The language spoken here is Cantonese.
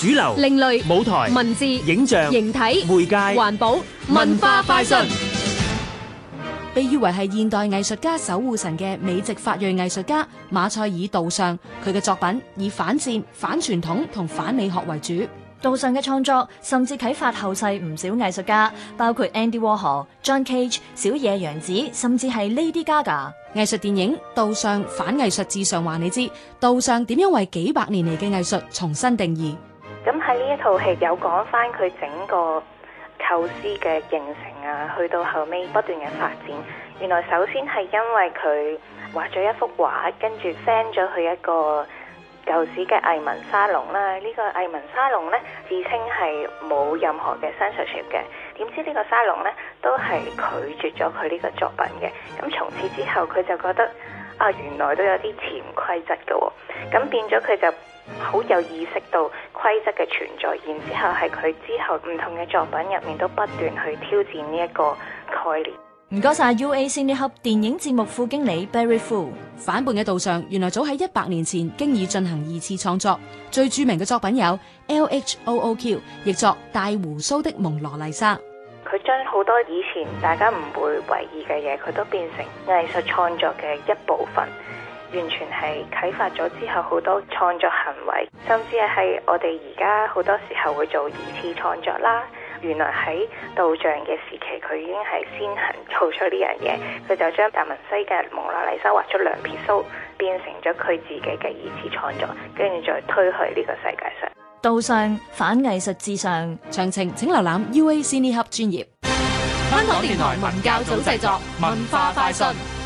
主流、另類、舞台、文字、影像、形體、媒介、環保、文化、快進，被譽為係現代藝術家守護神嘅美籍法裔藝術家馬塞爾道尚，佢嘅作品以反戰、反傳統同反美學為主。道尚嘅創作甚至啟發後世唔少藝術家，包括 Andy Warhol、John Cage、小野洋子，甚至係 Lady Gaga。藝術電影道尚，反藝術至上，話你知，道尚點樣為幾百年嚟嘅藝術重新定義？咁喺呢一套戲有講翻佢整個構思嘅形成啊，去到後尾不斷嘅發展。原來首先係因為佢畫咗一幅畫，跟住 send 咗佢一個舊時嘅藝文沙龍啦。呢個藝文沙龍呢，自稱係冇任何嘅 censorship 嘅，點知呢個沙龍呢，都係拒絕咗佢呢個作品嘅。咁從此之後，佢就覺得啊，原來都有啲潛規則嘅。咁變咗佢就好有意識到。規則嘅存在，然之後係佢之後唔同嘅作品入面都不斷去挑戰呢一個概念。唔該晒 U A 星呢盒電影節目副經理 Berry Fu o。反叛嘅道上，原來早喺一百年前經已進行二次創作。最著名嘅作品有 L H O O Q，亦作大胡鬚的蒙羅麗莎。佢將好多以前大家唔會為意嘅嘢，佢都變成藝術創作嘅一部分。完全係啟發咗之後好多創作行為，甚至係我哋而家好多時候會做二次創作啦。原來喺道像嘅時期，佢已經係先行做出呢樣嘢，佢就將達文西嘅蒙娜麗莎畫出兩撇須，變成咗佢自己嘅二次創作，跟住再推去呢個世界上。道上反藝術至上，詳情請瀏覽 UAC 呢輯專頁。香港電台文教組製作，文化快訊。